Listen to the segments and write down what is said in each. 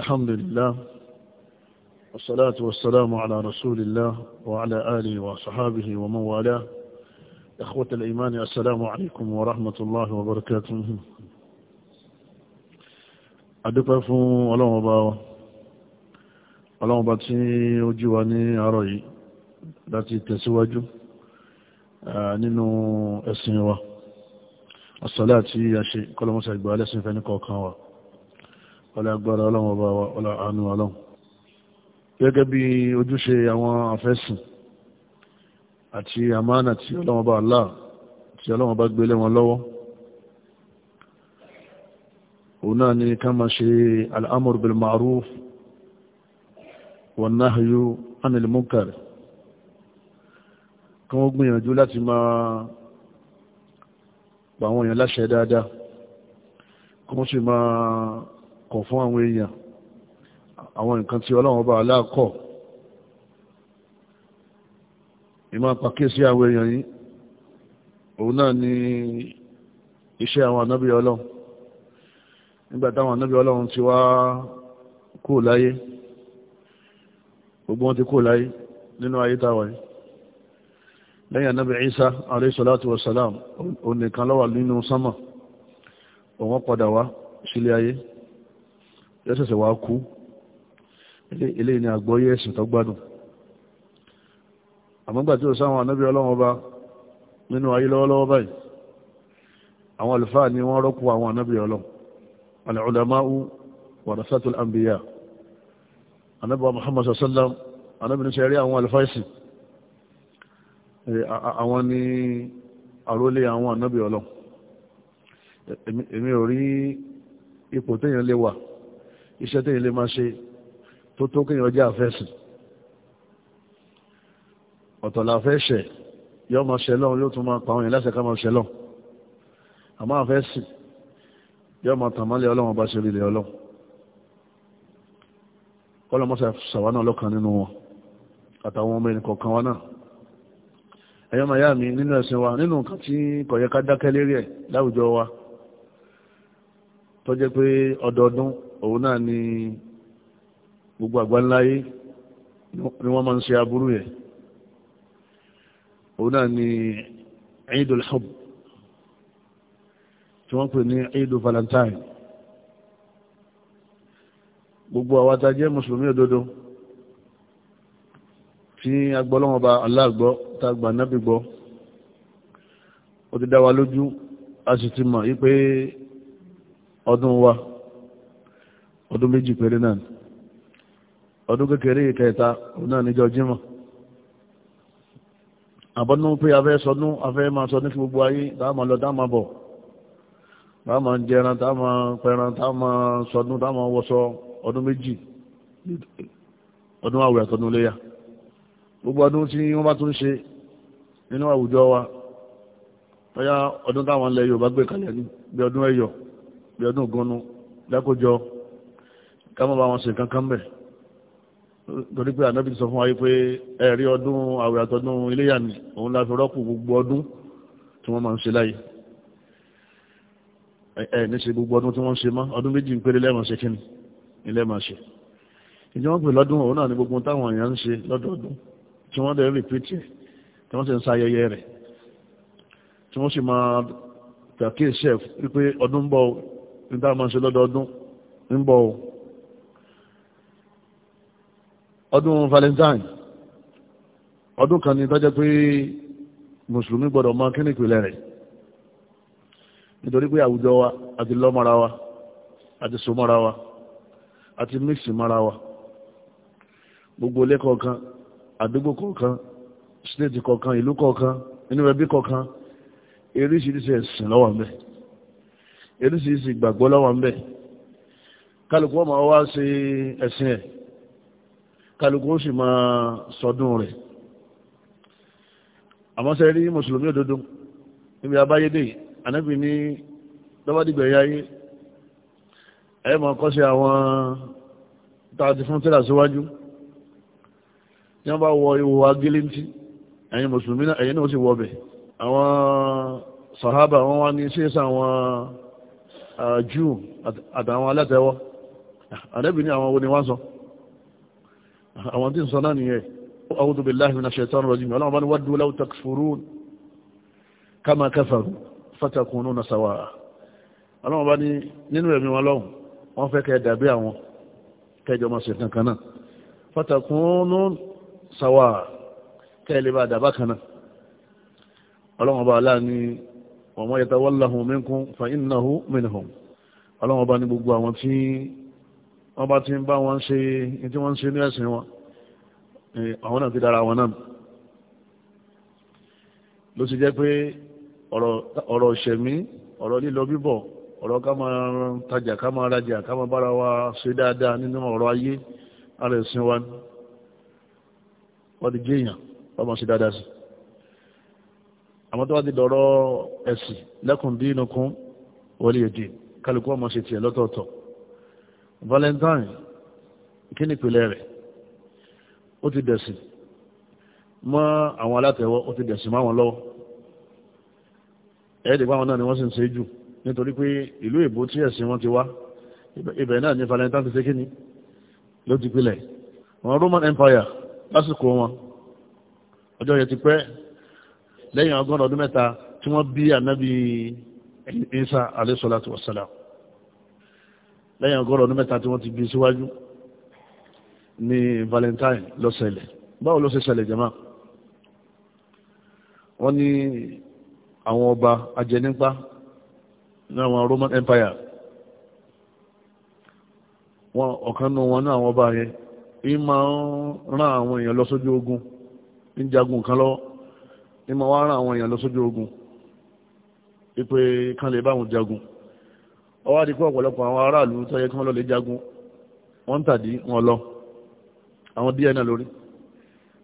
الحمد لله والصلاة والسلام على رسول الله وعلى آله وصحابه ومن والاه إخوة الإيمان السلام عليكم ورحمة الله وبركاته أدوكا فون ولو مباوة ولو مباتي وجواني أروي التي تسواجه nínú أسنوا الصلاة ọ̀sọ̀lá àti àṣẹ kọlọmọ́sà ìgbà alẹ́sìn fẹ́ ọlá agbára ọlọ́run ọba wa ọlá àánú ọlọ́run gẹ́gẹ́ bí ojúṣe àwọn afẹ́sìn àti àmánà tí ọlọ́run ọba Allah tí ọlọ́run ọba gbélé wọn lọ́wọ́ òun náà ni ká máa ṣe al'amur bil ma'ruf wan nahyu anil munkar kí wọ́n gbìyànjú láti máa pa àwọn èèyàn láṣẹ dáadáa kí wọ́n sì máa kọ̀ fún àwọn èèyàn àwọn nǹkan tí ọlọ́run bá aláàkọ̀ ìmọ̀ pàkíyèsí àwọn èèyàn yìí òun náà ni iṣẹ́ àwọn ànábì ọlọ́run nígbà táwọn ànábì ọlọ́run ti wá kú láyé gbogbo wọn ti kú láyé nínú ayé táwa yìí lẹ́yìn ànábì Isa alayhi salatu wa salam òun nìkan ló wà nínú sánmà òun padà wá sílé ayé yóò ṣẹ̀ṣẹ̀ wá kú eléyìí ni àgbọ́yé ẹ̀sìn tó gbádùn àmọ́gbà tí ó sáwọn anábí ọlọ́wọ́n bá nínú ayé lọ́wọ́lọ́wọ́ báyìí àwọn àlùfáà ni wọ́n rọ́pò àwọn anábí ọlọ́wọ́ al-ulama'u warasatul anbiya anábí Muhammad sallam anábí ní sẹ́rí àwọn àlùfáìsì àwọn ni àrólé àwọn anábí ọlọ́wọ́ èmi ò rí ipò téèyàn lè wà iṣẹ́ tẹ́yìn lè máa ṣe tó tó kéèyàn jẹ́ àfẹ́sìn ọ̀tọ̀là àfẹ́ṣẹ̀ yóò máa ṣẹlọ́ yóò tún máa pa àwọn yẹn lásìkò máa ṣẹlọ́ àmọ́ àfẹ́sìn yóò máa tàn mọ́lẹ̀ ọlọ́run bá ṣe rí ilẹ̀ ọlọ́run ọlọ́mọṣà ṣàwánà ọlọ́kan nínú wọn àtàwọn ọmọ ẹnì kọ̀ọ̀kan wa náà ẹ̀yọ́ màá yá mi nínú ẹ̀sìn wa nínú nǹkan tí kò yẹ ká dákẹ́ lérí ẹ̀ láwùjọ wa tó jẹ́ pé ọdọọdún òun náà ni gbogbo àgbáńláyé ni wọ́n máa ń ṣe aburú yẹn òun náà ni Eidul Hubb tí wọ́n pè ní Eidul Valentine gbogbo àwọn atajẹ́ mùsùlùmí òdodo tí agbọ́lọ́wọ́n bá Allah gbọ́ tá gbà nábì gbọ́ ó ti dá wa lójú a sì ti mọ̀ yí pé ọdún wa ọdún méjì péré náà ni ọdún kékeré ìkẹta òun náà níjọ jímọ̀ àbọ̀nú pé afẹ́ sọnú afẹ́ máa sọ ní fún gbogbo ayé táàmà lọ táàmà bọ̀ táàmà jẹran táàmà pẹran táàmà sọnú táàmà wọṣọ ọdún méjì ọdún àwẹ̀ àtọ́nú léyà gbogbo ọdún tí wọ́n bá tún ṣe nínú àwùjọ wa tọ́yá ọdún táwọn ilẹ̀ Yorùbá gbé kalẹ̀ ní bí ọdún Ẹ̀yọ̀ bí ọdún Ògúnnú lẹ́kọ̀ọ́jọ́ kámọ́ bá wọn ṣe kankan bẹ̀ torí pé ànábì sọ fún wa yìí pé ẹ̀rí ọdún àwẹ̀ àtọdún iléyà ni òun la fi rọ́pò gbogbo ọdún tí wọ́n máa ń ṣe láyé ẹ̀ ní ṣe gbogbo ọdún tí wọ́n ń ṣe mọ́ ọdún méjì ń péré lẹ́ẹ̀mọ̀ ṣe kíni ilẹ̀ máa ṣe ìjọ wọn pè lọ́dún òun náà ní gbogbo táwọn èèyàn ń ṣe lọ́dọọdún tí wọ́n dẹ̀ rìpítì tí wọ́n sì ń sayẹyẹ rẹ̀ tí wọ́n sì máa tàkíyèsí ẹ̀ wípé ọdún ń bọ̀ nígbà máa ń ṣe lọ́dọọdún ń bọ̀ ọdún valentine ọdún kan ní tọ́jẹ́ pé mùsùlùmí gbọ́dọ̀ mọ kíní ìpìlẹ̀ rẹ̀ nítorí pé àwùjọ wa àti lọ́mọra wa àti sọmọra wa àti mixi mara wa gbogbo ilé kọ̀ọ̀kan àdúgbò kọ̀ọ̀kan stéètì kọ̀ọ̀kan ìlú kọ̀ọ̀kan inú ẹbí kọ̀ọ̀kan eríṣiríṣi ẹ̀sìn ló wà ń bẹ eríṣiríṣi ìgbàgbọ́ ló ń bẹ kálukú ọmọ wa ṣe ẹ̀sìn ẹ̀ kálukú ó sì máa sọdún rẹ̀ àmọ́ ṣe rí mùsùlùmí òdodo níbi abáyédè ànábì ní lọ́wọ́dìgbẹ̀ yáyé ẹ máa kọ́ sí àwọn tààtì fún tẹ́lá síwájú tí wọ́n bá wọ ihò agilintí ẹ̀yin mùsùlùmí náà ẹ̀yin náà sì wọ́bẹ̀ àwọn sàhábà wọn wá ní ṣéṣà àwọn ah, jù àtàwọn alátẹ̀wọ́ ànábì ní àwọn wo ni wọ́n sọ àwọn tí ń sọ náà nìyẹn a'udhu billahi minash shaitani rajim ọlọ́wọ́n bá ní waddu law takfurun kama kafaru fatakununa sawa'a ọlọ́wọ́n bá ní nínú ẹ̀mí wọn lọ́hùn wọ́n fẹ́ kẹ́ dàbí àwọn kẹjọ máa ṣe kankan náà fatakununa sawa'a kẹ́ lè bá dàbá kan náà ọlọ́wọ́n bá ní gbogbo àwọn tí wọ́n bá ti ń bá wọn ṣe tí wọ́n ń ṣe ní ẹ̀sìn wọn eh, àwọn náà ti dára wọn náà ló ti jẹ́ pé ọ̀rọ̀ ṣẹ̀mí ọ̀rọ̀ lílọ bíbọ̀ ọ̀rọ̀ ká máa tajà ká máa rajà ká máa bára wa ṣe dáadáa nínú ọ̀rọ̀ ayé ara ẹ̀sìn wa wọ́n ti gé èèyàn wọ́n máa ṣe dáadáa sí àmọ́ tó wá ti dọ̀rọ̀ ẹ̀sìn lakum dinukum waliya din kálukú ọmọ ṣe tiẹ̀ lọ́tọ̀ọ̀tọ̀ valentine kí ni ìpìlẹ̀ rẹ̀ ó ti dẹ̀sìn mọ́ àwọn alátẹ̀wọ́ ó ti dẹ̀sìn máwọn lọ́wọ́ ẹ̀ẹ́dì báwọn náà ni wọ́n sì ń ṣe jù nítorí pé ìlú èbó tí ẹ̀sìn wọn ti wá ibẹ̀ náà ni valentine ti ṣe kí ni ló ti pilẹ̀ wọn Roman Empire lásìkò wọn ọjọ́ yẹn ti pẹ́ lẹ́yìn ọgọ́rùn ọdún mẹ́ta tí wọ́n bí ànábì Isa alayhi salatu wassalam lẹ́yìn ọgọ́rọ̀ ọdún mẹ́ta tí wọ́n ti bí síwájú ní valentine ló ṣẹlẹ̀ báwo ló ṣe ṣẹlẹ̀ jẹ́mà wọ́n ní àwọn ọba ajẹnipa ní àwọn roman empire wọn ọ̀kan nù wọn ní àwọn ọba yẹn ń máa ń rán àwọn èèyàn lọ sójú ogun ń jagun kan lọ́wọ́ ń máa wá rán àwọn èèyàn lọ sójú ogun wípé kán lè bá wọn jagun ọwọ́ àdìpọ̀ ọ̀pọ̀lọpọ̀ àwọn aráàlú tó yẹ kí wọ́n lọ lè jagun wọ́n ń tàdí wọn lọ àwọn díẹ̀ náà lórí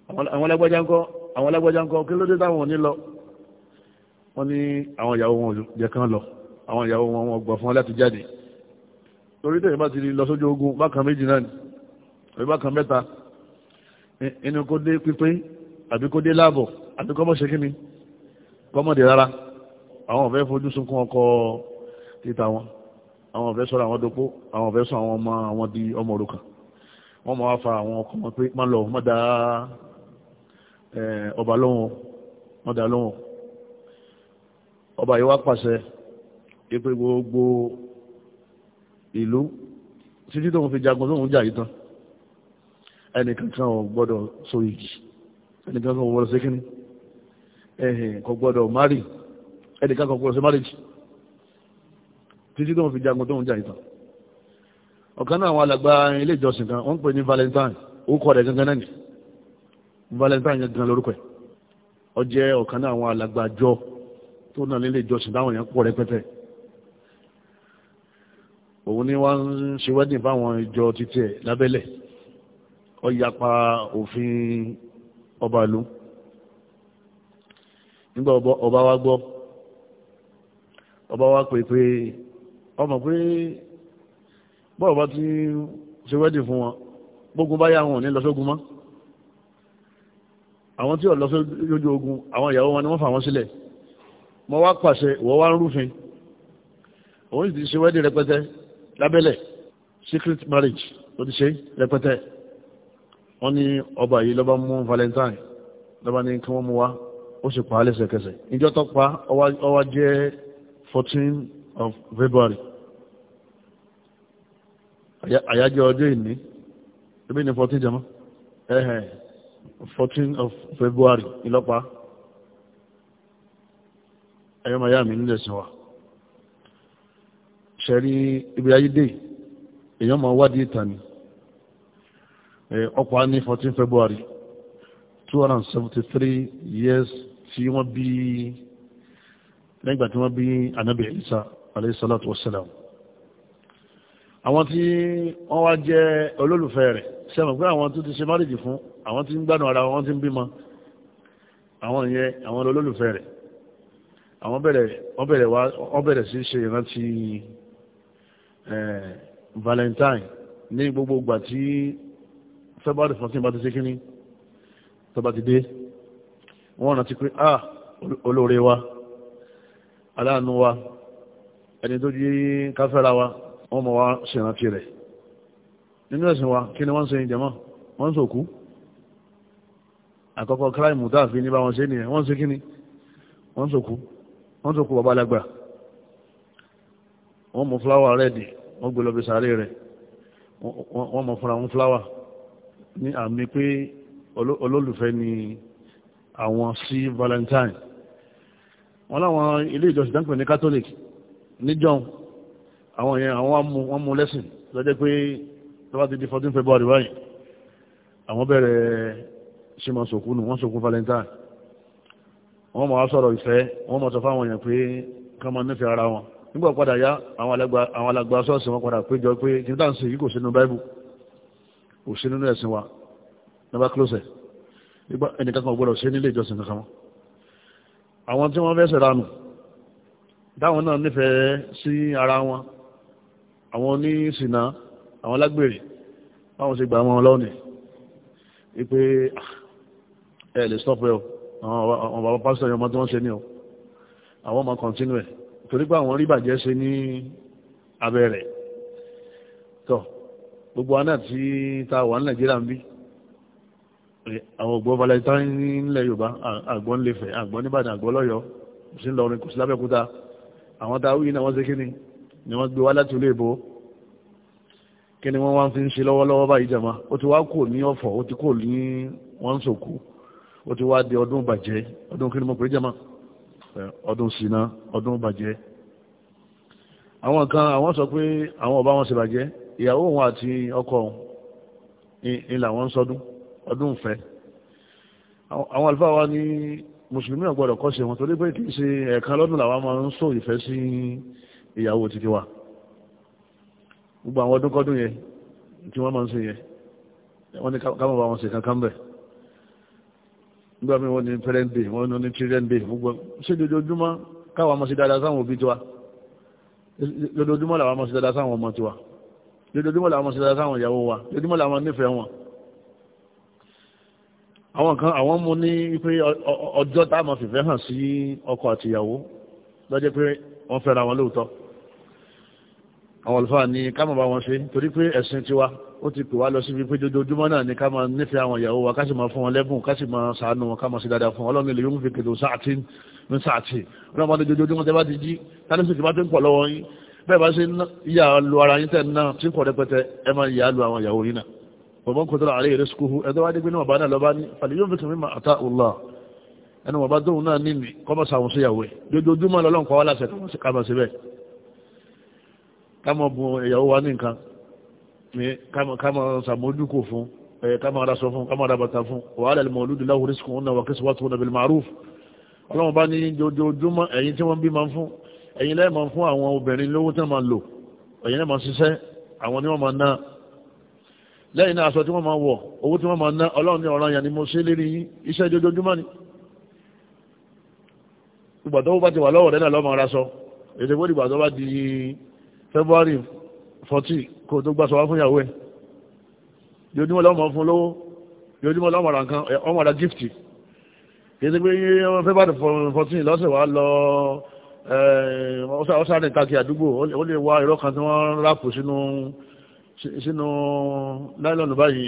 àwọn alágbájá ńkọ́ àwọn alágbájá ńkọ́ kí ló dé táwọn òní lọ wọ́n ní àwọn ìyàwó wọn jẹ́ kán lọ àwọn ìyàwó wọn wọn gbọ̀ fún láti jáde torí tẹ̀yìn bá ti lọ sójú ogun bákan méjì náà ni àbí bákan mẹ́ta inú kó dé pípín àbí kó dé láàbọ̀ àbí kọ́mọ̀ ṣe kíni kọ́mọ̀ dé rárá àwọn ọ̀fẹ́ fojú sunkún ọkọ̀ títà wọn àwọn ọ̀fẹ́ sọ́rọ̀ àwọn dopó àwọn ọ̀fẹ́ sọ àwọn ọmọ àwọn di ọmọ òrukàn wọ́n máa fa àwọn ọkọ̀ wọn pé má lọ má da ọba lọ́wọ́ má da lọ́wọ́ ọba yìí wá pàṣẹ pé gbogbo ìlú títí tóun fi jagun tóun jà yìí tán ẹnìkan ò gbọ́dọ̀ so igi ẹnìkan ò gbọ́dọ̀ sékíní ẹ̀hìn kò gbọ́dọ̀ mari ẹnìkan ò gbọ́dọ̀ sí marriage títí tó ń fi jagun tó ń jà ìtàn ọ̀kan náà àwọn alàgbà ilé ìjọsìn kan wọ́n ń pè ní valentine orúkọ rẹ̀ gangan náà ni valentine gangan lórúkọ ẹ̀ ó jẹ́ ọ̀kan náà àwọn alàgbà àjọ tó náà nílé ìjọsìn táwọn èèyàn pọ̀ rẹpẹtẹ òun ni wọ́n ń ṣe wedding fáwọn ìjọ títí ẹ̀ lábẹ́lẹ̀ ó yapa òfin ọba ìlú nígbà ọba wa gbọ́ ọba wa pè pé ọmọ pé bọ́ọ̀ bá ti ṣe wẹ́dì fún wọn gbógun bá yá wọn ní lọ́sọ́gun mọ́ àwọn tí ò lọ́sọ́jú ogun àwọn ìyàwó wọn ni wọ́n fà wọ́n sílẹ̀ mo wá pàṣẹ ìwọ wá ń rúfin òun ti ṣe wẹ́dì rẹpẹtẹ lábẹ́lẹ̀ secret marriage ó ti ṣe rẹpẹtẹ wọ́n ní ọba yìí lọ́ba mú valentine lọ́ba ní kí wọ́n mú wá ó sì pa á lẹ́sẹ̀kẹsẹ̀ ìjọ tó pa ọwá jẹ́ 14 of February àyájọ́ ọjọ́ ìní ẹbí ni 14 jẹmọ́ ẹ̀hẹ̀ 14 of February ìlọ́pàá ẹ̀yọ́ maya mi nílẹ̀ sí wa ṣẹ̀rí ibi ayédè èyàn máa wádìí ìtàní ọkọ̀ ní 14 February 273 years tí wọ́n bí lẹ́gbàá tí wọ́n bí Ànábì Ìsá alayhi salatu wassalam àwọn tí wọ́n wá jẹ́ olólùfẹ́ rẹ̀ sẹ́mọ̀ pé àwọn tó ti ṣe márìjì fún àwọn tí ń gbádùn ara wọn tí ń bímọ àwọn ìyẹn àwọn olólùfẹ́ rẹ̀ àwọn bẹ̀rẹ̀ wọ́n bẹ̀rẹ̀ sí ṣe ìrántí valentine ní gbogbo ìgbà tí february 14 bá ti ṣe kíní tó bá ti dé wọ́n rántí pé ah olóore wa aláàánú wa ẹni tó jí káfẹ́ra wa wọ́n mọ̀ wá ṣèrántí rẹ̀ nínú ẹ̀sìn wa kí ni wọ́n ń ṣe ìjẹmọ́ wọ́n ń sòkú àkọ́kọ́ kíráìmù dáàfin ní bá wọn ṣe nìyẹn wọ́n ń ṣe kí ni wọ́n ń sòkú wọ́n ń sòkú bàbá alágbà wọ́n mú fúláwà rẹ́ẹ̀dì wọ́n gbé lọ́bí sàárè rẹ̀ wọ́n mọ̀ fúnra wọn fúláwà ní àmì pé olólùfẹ́ ni àwọn sí Valentine wọ́n láwọn ilé ìjọsìn dáńpẹ̀ ní Catholic níjọ́un àwọn yẹn àwọn wọ́n mú lẹ́sìn lọ́jẹ́ pé lọ́wọ́ ti di 14 February báyìí àwọn bẹ̀rẹ̀ ṣe máa sòkú nù wọ́n sòkú Valentine wọ́n máa sọ̀rọ̀ ìfẹ́ wọ́n máa sọ fáwọn èèyàn pé ká máa nífẹ̀ẹ́ ara wọn nígbà padà yá àwọn alàgbà sọ́ọ̀sì wọn padà péjọ pé kí n tàn sí yìí kò sínú báìbù kò sí nínú ẹ̀sìn wa nígbà close nígbà ẹnìkan kan gbọ́dọ̀ sí nílé ìjọsìn kankan wọn àwọn tí wọ́n fẹ́ sẹ̀ránù dáwọn náà nífẹ̀ẹ́ sí ara wọn àwọn oníṣìnà àwọn alágbèrè báwọn ṣe gbà wọn lọ́nà wípé ah, ẹ lè stop ẹ o àwọn bàbá pásítọ̀ yọmọ tí wọ́n ṣe ní o àwọn ọmọ continue ẹ̀ torí pé àwọn rí bàjẹ́ ṣe ní abẹ́ rẹ̀ tọ́ gbogbo aná tí ta wà ní nàìjíríà ń bí àwọn ògbọ́n valentine nílẹ̀ yorùbá àgbọ̀n lè fẹ̀ àgbọ̀n nìbàdàn àgbọ̀n lọ́yọ̀ọ́ sí lọrin kò sí lábẹ́kúta àwọn tá a wí náà wọ́n ṣe kí ni ni wọ́n gbé wá láti ilé ìbò kí ni wọ́n wá fi ń ṣe lọ́wọ́lọ́wọ́ báyìí jama ó ti wá kò ní ọ̀fọ̀ ó ti kò ní wọ́n ń sòkò ó ti wá di ọdún bàjẹ́ ọdún kí ni mo pè jama ọdún ṣìnà ọdún bàjẹ́ àwọn kan àwọn sọ pé àwọn ọba wọn ṣe bàjẹ́ ìyàwó wọn àti ọkọ ìlà wọn sọdún ọdún ìfẹ́ àwọn àlùfáà wa ní mùsùlùmí ọ̀gbọ́dọ̀ kọ́ sí wọn torí pé kì í ṣe ẹ̀ẹ̀kan lọ́dún làwọn máa ń sọ ìfẹ́ sí ìyàwó títí wa gbogbo àwọn ọdún kọ́dún yẹn tí wọ́n máa ń ṣe yẹn wọ́n ní káwọn wọn ṣe kankan bẹ̀ nígbà míì wọ́n ní parent ní children gbogbo ṣé lójoojúmọ́ káwọn ọmọ sí dáadáa sáwọn òbí tiwa lójoojúmọ́ làwọn ọmọ sí dáadáa sáwọn ọmọ tiwa lójoojúmọ́ làwọn ọmọ sí dáadáa sáwọn ìyàwó wa lójoojúmọ́ làwọn nífẹ̀ẹ́ wọn àwọn kan àwọn mú ní pé ọjọ́ táwọn fìfẹ́ hàn sí ọkọ àtìyàwó lọ́jọ́ pé wọ́n fẹ́ra wọn lóòótọ́ àwọn àlùfáà ní ká máa bá wọn ṣe torí pé ẹ̀sìn tiwa ó ti pè wá lọ síbi pé dojoojúmọ́ náà ni ká máa nífẹ̀ẹ́ àwọn ìyàwó wa ká sì máa fún wọn lẹ́bùn ká sì máa sàánú wọn ká máa sì dáadáa fún wọn ọlọ́run ilé yóò fi kèlò sáàtì ní sáàtì ọlọ́run máa dojoojúmọ́ tẹ́ bá ti jí tálẹ́ sì ti bá ti ń pọ̀ lọ́wọ́ yín bẹ́ẹ̀ bá ṣe yà lu ara yín tẹ̀ náà tí kò rẹpẹtẹ ẹ máa yà lu àwọn ìyàwó yín náà bọ̀bọ̀n kò tọ́lá àlẹ́ náà bá ní fàlíyàn fìkì mímọ̀ àtà òlá ẹnu wọ̀bá dóhun náà ní kọ́mọ̀sà àwọn kámọ̀ bu ìyàwó wa ní nǹkan kámọ̀ sàmójúkò fún kámọ̀ ara sọ fún kámọ̀ ara bàtà fún wa ala al-mawludi lahu rizquhunna wa kiswatuhunna bil ma'ruf ọlọ́run bá ní jojoojúmọ́ ẹ̀yin tí wọ́n bí máa ń fún ẹ̀yin lẹ́ẹ̀ máa ń fún àwọn obìnrin lówó tí wọ́n máa lò ẹ̀yin lẹ́ẹ̀ máa ṣiṣẹ́ àwọn ni wọ́n máa ná lẹ́yìn náà aṣọ tí wọ́n máa wọ̀ owó tí wọ́n máa ná ọlọ́run ní ọ̀ranyàn ni mo ṣe lérí iṣẹ́ jojoojúmọ́ ni ìgbà tó bá ti wà lọ́wọ́ rẹ̀ náà lọ́mọ ara sọ èdè bá di february fourteen kò tó gbàsọ̀ wá fún ìyàwó ẹ̀ yóò lọ́mọ fún lówó yóò dín mọ́ lọ́mọ ra nǹkan ọmọ ra gift kìí ṣe pé february fourteen lọ́sẹ̀ wa lọ ọ̀sán rìn káàkiri àdúgbò ó lè wá irọ́ kan tí wọ́n ráàpù sínú sínú láìlọ́nù báyìí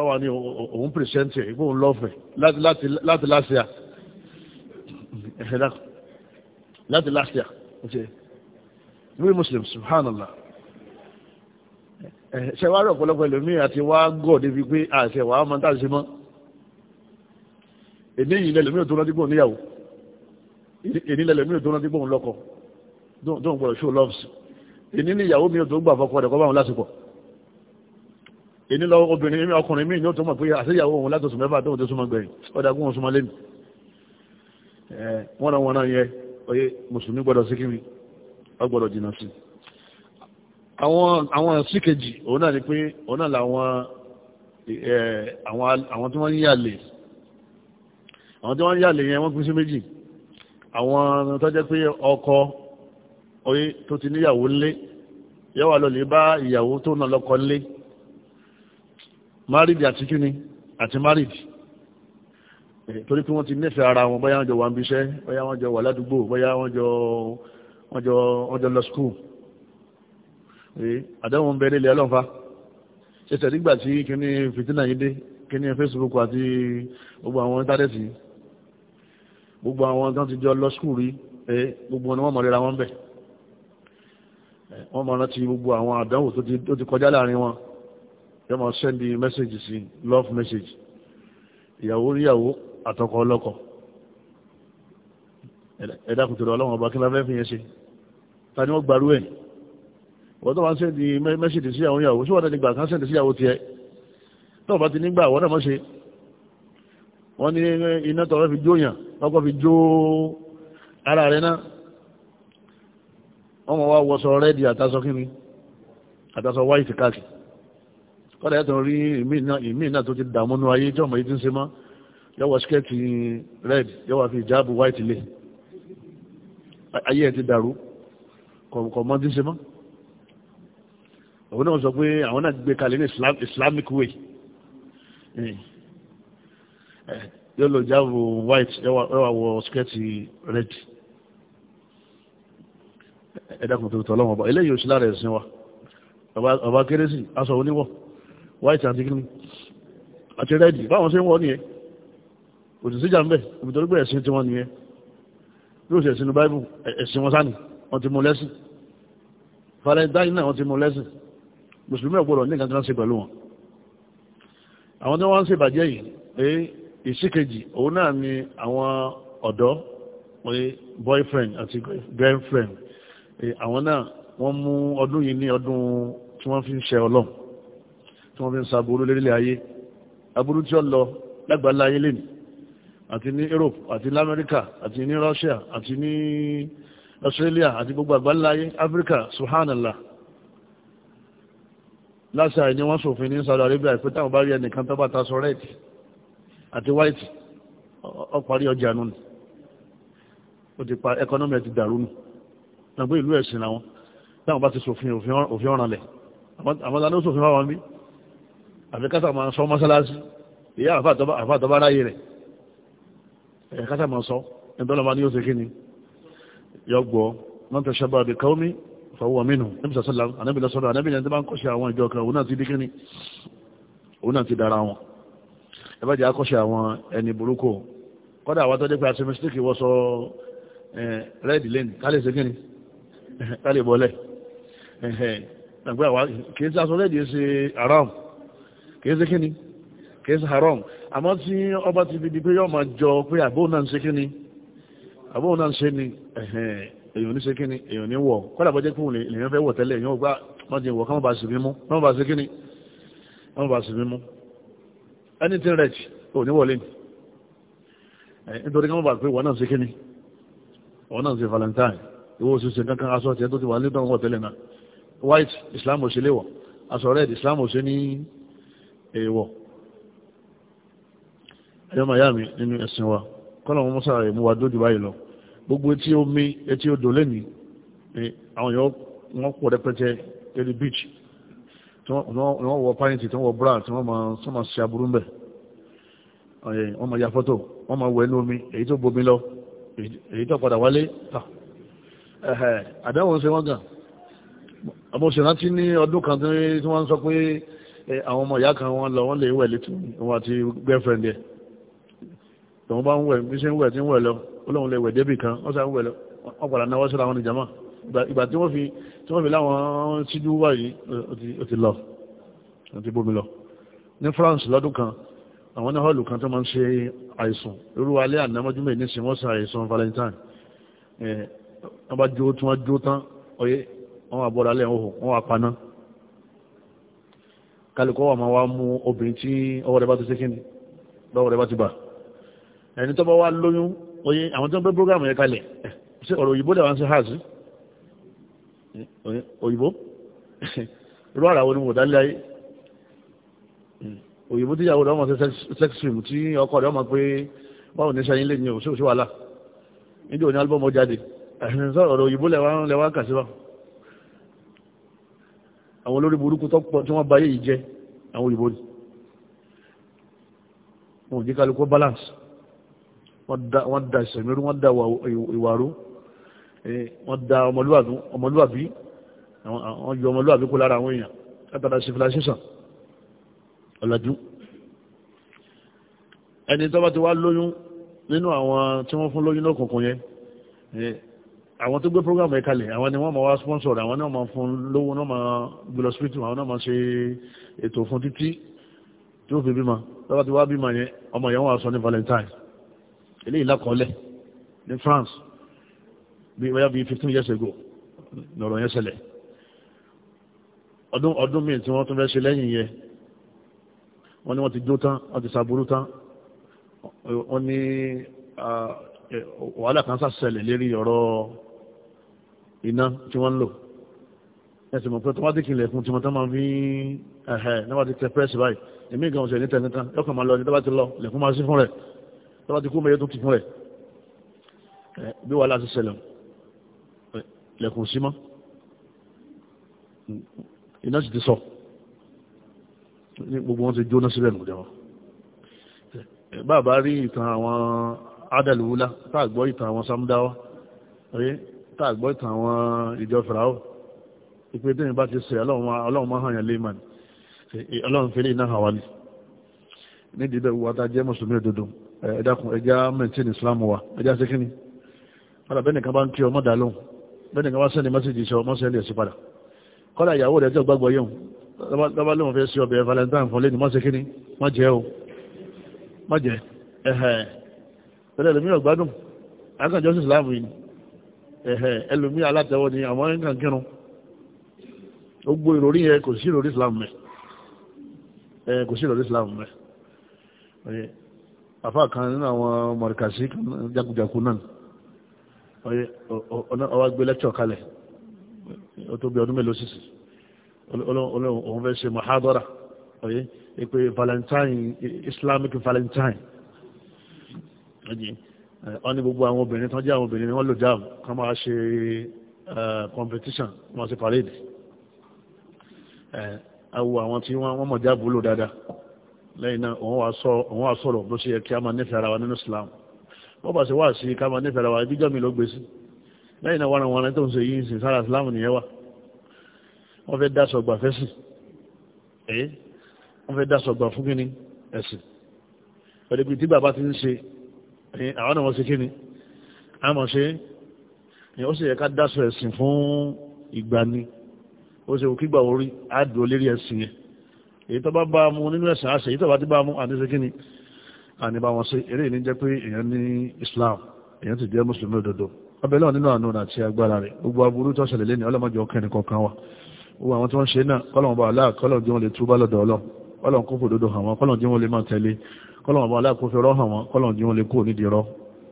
ọwà ní òun pìrìsẹ́ntì ìgbóhùn lọ́fẹ̀ẹ́ láti láti láṣíà real muslim subhanallah eh, ṣe wá rẹ̀ ọ̀pọ̀lọpọ̀ ẹlòmíì àti wá gọ̀ débi pé àṣẹ wàá máa tàṣe mọ́ èdè yìí lẹ́lòmíì tó rántí pò níyàwó èdè lẹ́lòmíì tó rántí pò lọ́kọ tó ń gbọ́dọ̀ show loves èdè ní ìyàwó mi tó gbà fọkọ rẹ̀ kọ́ bá wọn lásìkò èdè lọ obìnrin mi ọkùnrin mi yóò tó mọ̀ pé àṣeyàwó òun látòsùn mẹ́fà tó ń tó súnmọ́ gbẹ̀yìn ọ̀dà gún òun súnmọ́ lẹ́nu eh, wọ́n náà wọ́n náà yẹ oyè mùsùlùmí gbọ́dọ̀ síkìrì ọgbọ́dọ̀ jìnà sí àwọn síkèjì òun náà ni pé òun náà làwọn tí wọ́n ń yàlè àwọn tí wọ́n ń yàlè yẹn wọ́n pín sí méjì àwọn tó jẹ́ pé ọkọ oyé tó ti níyàwó lé yọ́wà lọ lè bá ìyàwó tó náà lọ́kọ lé married àti kíni àti married torí pé wọ́n ti nífẹ̀ẹ́ ara wọn bóyá wọ́n jọ wà ń bíṣẹ́ bóyá wọ́n jọ wà ládùúgbò bóyá wọ́n jọ wọ́n jọ lọ skul àdáwọn bẹ̀rẹ̀ ilẹ̀ ọlọ́fà ṣẹ̀ṣẹ̀ nígbà tí kíní fìtínà yìí dé kíní Facebook àti gbogbo àwọn íńtánẹ́ẹ̀tì gbogbo àwọn tán ti jọ lọ skul rí gbogbo wọn wọ́n mọ̀lẹ́ra wọn bẹ̀ wọ́n mọ̀ rántí gbogbo àwọn àdánwò tó ti kọjá láàrin wọn yọ mọ̀ sẹ́ndì mẹ́sẹ̀jì sí love message ìyàwó ríyàwó àtọkọ ọlọ́kọ ẹ̀dá kùtùrọ̀ ọlọ́wọ̀n ọba kí lábẹ́ fi yẹn ṣe ta ni wọ́n gbarú ẹ̀ wọ́n tó wá ń sẹ́ndì mẹ́sìdì sí àwọn ìyàwó síwọ́n nígbà kan sẹ́ndì sí àwọn tiẹ̀ tó bá ti nígbà wọ́n náà mọ́ ṣe wọ́n ní eh, iná tọ́wọ́ fi jó yàn ọkọ̀ fi jó ara rẹ̀ náà wọ́n mọ̀ wá wọ́sọ rẹ́dì àtàsọ kíni àtàsọ wáìtì káàkì kọ́dà yàtọ̀ rí ìmí náà tó ti dààmúnú ayé tí ọmọ yìí ti ń ṣe mọ́ yọwọ́ skẹ́ẹ̀tì rẹ́dì yọwọ́ fi ìjáàbù wáìtì lé ayé ẹ̀ ti dàrú kọ̀ mọ́ díṣe mọ́ òun náà sọ pé àwọn náà gbé kalẹ̀ ní islamic way eh. Eh, yóò lọ jáwò white ẹwà wọ skẹ́ẹ̀tì red eh, ẹ̀dàkùn tó tọ́ lọ́wọ́ ọba eléyìí òṣìlá rẹ̀ sin wa ọba kérésì aṣọ oníwọ̀ white àti green àti red báwọn ṣe ń wọ̀ nìyẹn òtítí jà ń bẹ̀ òmìnirí gbé ẹ̀sìn tiwọn nìyẹn bí ó ṣe ẹ̀sìn ní báíbù ẹ̀sìn wọn sáni wọ́n ti mú lẹ́sìn valentine náà wọ́n ti mú lẹ́sìn mùsùlùmí ọ̀gbọ́dọ̀ ní kankan ṣe pẹ̀lú wọn àwọn tí wọ́n ń ṣèbàjẹ́ yìí pé ìṣíkejì òun náà ni àwọn ọ̀dọ́ pé boyfriend àti girlfriend àwọn náà wọ́n mú ọdún yìí ní ọdún tí wọ́n fi ń ṣe ọlọ́run tí wọ́n fi ń sàbúrú lérílẹ̀ ayé aburú tí ó lọ lágbàlá ayé lẹ́nu àti ní Europe àti ní America àti ní Russia àti ní Australia àti gbogbo àgbáláyé Africa subhanallah láṣà ìní wọ́n ṣòfin ní Saudi Arabia ìpé táwọn bá rí ẹnìkan tó bá ta sọ red àti white ọparí ọjà nù ni ó ti pa economy ti dàrú nù nàgbé ìlú ẹ̀sìn àwọn táwọn bá ti ṣòfin òfin ọ̀ràn lẹ̀ àwọn tàbí ó ṣòfin wá wọn bí àfikásà máa sọ mọ́sálásí ìyá àfáàtọ́bá ráyè rẹ̀ ẹ̀kásà máa sọ ẹ̀dọ́lọ́mà ní ó ṣe kí ni yọgbọ́ man tashabbaha bi qawmin fahuwa minhum níbi sàṣẹ́lá anábìlá sọ́dọ̀ anábìlá ẹni tó bá ń kọ́ṣẹ́ àwọn ìjọ kan òun náà ti dí kíní òun náà ti dára wọn ẹ bá jẹ́ akọ́ṣẹ́ àwọn ẹni burúkú kọ́dà àwọn tọ́jú pé àti mistake wọ́n sọ rẹ́ẹ̀dì lẹ́nu ká lè ṣe kíní ká bọ́lẹ̀ kìí sí aṣọ rẹ́ẹ̀dì ṣe haram kìí ṣe kíní kìí ṣe haram àmọ́ tí ọba ti fi di pé yọ́ àbóhùn náà ń ṣe ni èyàn ní ṣe kíni èyàn ní wọ̀ kọ́lá bọ́jẹ́ kí wọ́n lè yàn fẹ́ wọ̀ tẹ́lẹ̀ èyàn gbá mọ́jẹ wọ̀ kọ́mọ́ bá sì mímú kọ́mọ́ bá sì kíni kọ́mọ́ bá sì mímú anything rich ò ní wọlé nítorí kọ́mọ́ bá pé wọ́n náà ṣe kíni wọ́n náà ṣe valentine ìwọ òṣìṣẹ́ kankan aṣọ tiẹ̀ tó ti wà nígbà wọ̀ tẹ́lẹ̀ náà white islam òṣè léwọ̀ aṣọ red islam òṣè ní èèwọ̀ ẹ̀yọ́ màyàmí nínú ẹ̀sìn wa kọ́nà wọn mọ́sára rẹ̀ mú wa dójú báyìí lọ gbogbo etí omi etí odò lẹ́ni àwọn èèyàn wọ́n pọ̀ rẹpẹtẹ lórí beach tí wọ́n wọ pàyìntì tí wọ́n wọ bra tí wọ́n máa ṣe aburú ń bẹ̀ wọ́n máa ya fọ́tò wọ́n máa wẹ̀ ní omi èyí tó bomi lọ èyí tó padà wálé tà àdáwọ̀ ń ṣe wọ́n gàn àmọ́ ṣèrántí ní ọdún kan tí wọ́n sọ pé àwọn ọmọ ìyá kan wọ́n lọ wọ́n lè wẹ̀ létí wọn àti girlfriend yẹn tòun bá ń wẹ̀ bí ṣe ń wẹ̀ tí ń wẹ̀ lọ olóhun lè wẹ̀ débì kan wọ́n sá ń wẹ̀ lọ wọ́n padà náwọ́ sí àwọn ìjàmá ìgbà tí wọ́n fi tí wọ́n fi láwọn síjú wà yìí ó ti lọ ó ti bómi lọ ní France lọ́dún kan àwọn ní họ́ọ̀lù kan tó máa ń ṣe àìsàn irú alẹ́ ànámọ́júmọ̀ ní sin wọ́n sa àìsàn Valentine wọ́n bá jó tí wọ́n jó tán ọyẹ wọ́n wà bọ́ra alẹ́ òhùn wọ́n wà paná kálukọ́ wà máa wá mú obìnrin tí ọwọ́ rẹ̀ bá ti ṣe kíni lọ́wọ́ rẹ̀ bá ti bà ẹni tó bá wá lóyún oye àwọn tó ń gbé program yẹn kalẹ̀ ṣe ọ̀rọ̀ òyìnbó lẹ́wọ̀n sí hajj òyìnbó irú ara wo ni mo dálé ayé òyìnbó tí ìyàwó rẹ̀ ọmọ sex film tí ọkọ rẹ̀ ọmọ pé báwo ní sẹ́yìn lè ní òṣèlú sí wàhálà níbi òní albọ́mọ jáde ẹ̀sìn ọ̀rọ̀ òyìnbó lẹ́wọ̀n lẹ́wọ̀n kà sí wa àwọn olórí burúkú tó pọ̀ tí wọ́n bá yé yìí jẹ́ àwọn òyìnbó ni wọn jí kálukú balance wọ́n da ìṣẹ̀mírú wọ́n da ìwàrú wọ́n da ọmọlúwàbí àwọn yọ ọmọlúwàbí kó lára àwọn èèyàn látara civilization ọ̀làjú ẹni tó bá ti wá lóyún nínú àwọn tí wọ́n fún lóyún lọ́kùnkùn yẹn àwọn tó gbé program ẹ̀ kalẹ̀ àwọn ni wọ́n máa wá sponsor àwọn náà máa fún lówó náà máa gbé lọ hospital àwọn náà máa ṣe ètò fún títí tí ó fi bímọ tó bá ti wá bímọ yẹn ọmọ yẹn wọ́n á sọ ní Valentine eléyìí lákọọ́lẹ̀ ní France bí wáyà bíi fifteen years ago lọ́rọ̀ yẹn ṣẹlẹ̀ ọdún ọdún míì tí wọ́n tún fẹ́ ṣe lẹ́yìn yẹn wọ́n ní wọ́n ti dó tán wọ́n ti sàbúrú tán wọ́n ní wàhálà kan sàṣẹlẹ̀ lérí ọ̀rọ̀ iná tí wọ́n ń lò ẹsẹ̀ mọ̀ pé tọ́wádìí kìlẹ̀ fún tí mo tán máa fi níwájú tẹ pẹ́ẹ́sì báyìí èmi gan ọ̀sẹ̀ ní tẹ̀ lọ́kàn máa lọ ní tọ́wá lọ lẹ̀kún máa sí fún rẹ̀ tọ́wọ́ ti kú mẹ́yẹ tó ti fún ẹ̀ bí wàhálà ti ṣẹlẹ̀ lẹ́kùn sí mọ́ iná sì ti sọ ní gbogbo wọn ti jóná sílẹ̀ nù jẹun bàbá rí ìtàn àwọn adàlúwúlá tàgbọ́ ìtàn àwọn samdáwá tàgbọ́ ìtàn àwọn ìjọ fìràwọ̀ ìpé tí ìbá ti ṣe ọlọ́run máa hàn yàn lè mà ní ọlọ́run fẹ́lẹ̀ iná hàwálì nídìí bẹ́ẹ̀ wọ́n ta mùsùlùmí òdodo ẹ dákun ẹja mẹ́tíni islam wa ẹja sí kíni padà bẹ́ẹ̀ nìkan bá ń kí ọmọ dà lóhùn bẹ́ẹ̀ nìkan bá sẹ́ni mẹ́sẹ̀jì sọ ọmọ sẹ́ni ẹ̀sìn padà kọ́dà ìyàwó rẹ̀ jẹ́ gbàgbọ́ yẹun lọ́ba lóhùn fẹ́ sí ọbẹ̀ valentine fún lẹ́ni mọ́sẹ̀ kíni má jẹ́ o má jẹ́ ẹ̀hẹ̀ tẹ́lẹ̀ ẹlòmí ọ̀gbádùn akànjọ́ sí islam yìí ẹ̀hẹ̀ ẹlòmí alátẹ̀wọ́ àfáà kan nínú àwọn mọ̀rìkàsí jagunjaku náà ọwọ́ gbé lẹ́kṣọ̀ kalẹ̀ ó tó bí ọdún mélòó sísì òun fẹ́ ṣe mahadara ọ̀yẹ́ ìpè valentine islamic valentine wọ́n ní gbogbo àwọn obìnrin tán jẹ́ àwọn obìnrin wọ́n lò jáàmù kan máa ṣe competition wọ́n ṣe parade ẹ awo àwọn tí wọ́n mọ̀ jáàbù lò dáadáa lẹ́yìn náà òun wà sọ̀rọ̀ bó ṣe yẹ kí a máa nífẹ̀ẹ́ ara wa nínú Islam wọ́n bá ṣe wá sí ká máa nífẹ̀ẹ́ ara wa ìdíjọ́ mi ló gbé sí lẹ́yìn náà wọ́n wọn tó ń ṣe yìí sí sára Islam nìyẹn wà wọ́n fẹ́ dá sọ̀gbà fẹ́sì ẹ̀ wọ́n fẹ́ dá sọ̀gbà fún kíni ẹ̀sìn pẹ̀lú pé tí bàbá ti ń ṣe àwọn náà wọ́n ṣe kíni a mọ̀ ṣe ó sì yẹ ká dá sọ ẹ̀sìn fún ìgbani ó ṣe kí èyí tó bá bá mu nínú ẹ̀sìn àṣẹ èyí tó bá ti bá mu àníṣe kí ni àní bá wọn sí eré ìní jẹ́ pé èèyàn ní Islam èèyàn ti jẹ́ mùsùlùmí òdodo ọbẹ̀ náà nínú àánú àti agbára rẹ̀ gbogbo aburú tó ṣẹlẹ̀ lẹ́ni ọlọ́mọdé ọkàn ẹnìkan kan wa gbogbo àwọn tó ń ṣe náà kọ́lọ̀mọ̀ bá aláà kọ́lọ̀mọ̀ jẹ́ wọn lè túbá lọ́dọ̀ ọlọ́ kọ́lọ̀mọ̀ kó fòdodo hàn wọn kọ́lọ̀mọ̀ jẹ́ wọn lè máa tẹ̀lé kọ́lọ̀mọ̀ bá aláà kó fi rọ́ hàn wọn kọ́lọ̀mọ̀ jẹ́ wọn lè kó nídìí rọ́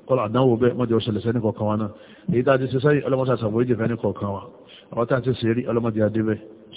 kọ́lọ̀ àdánwò bẹ́ẹ̀ wọ́n jẹ́ ọ̀ṣẹ̀lẹ̀ sẹ́ni kọ̀ọ̀kan wa náà èyí tá a ti ṣe sẹ́yìn ọlọ́mọdé àṣàbòríjì fẹ́ni kọ̀ọ̀kan